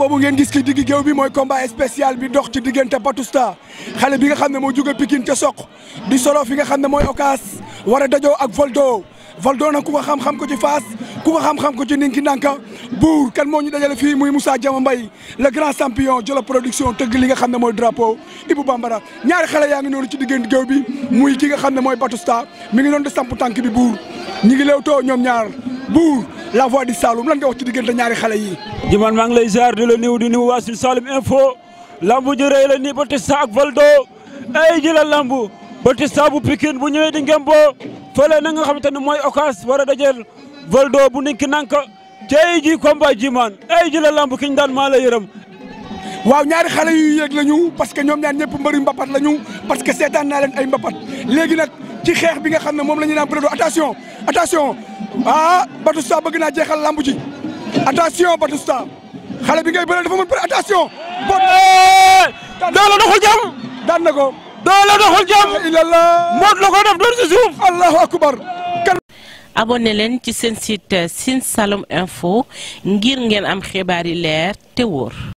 boobu ngeen gis ci digg géew bi mooy combat spécial bi dox ci diggante Batousta xale bi nga xam ne moo jóge Pikine te soq di solo fi nga xam ne mooy Ocass war a dajoo ak Valdo Valdo nag ku ko xam-xam ko ci Fass ku ko xam-xam ko ci ninki nanka buur kan moo ñu dajale fii muy Moussa Diama Mbaye le grand champion Jolof Production tëgg li nga xam ne mooy drapeau Ibou Bambara ñaari xale yaa ngi noonu ci diggante géew bi muy ki nga xam ne mooy Batousta mi ngi doon di samp tànk bi buur ñi ngi leewtoo ñoom ñaar buur la voix du salum lan nga wax ci digënté ñaari xalé yi. Jimane maa ngi lay ziar di la niw di niw waa suñu info lambu ji rëy la nii Batista ak Valdo ay ji la lambu sa bu Pikine bu ñëwee di ngëmbo fele na nga xamante ne mooy Ocass war a Valdo bu nink nank tay ji ji man ay ji la lambu kiñ ñu daan maa la yërëm. waaw ñaari xalé yu yegg lañu parce que ñom ñaar ñepp mbëri mbapat lañu parce que seetaan na leen ay mbapat légui nak ci xex bi nga xamne mom lañu la ñu attention attention. ah Batousta bëgg naa jeexal lamb ji attention Batousta xale bi ngay bëre dafa mën bëre attention. bon eh, doole doxul jàmm. daan na ko. doole doxul jàmm. moot la def doon si suuf. allahu akbar. abonné leen ci seen site Sine Saloum Info ngir ngeen am xibaar yi leer te wóor.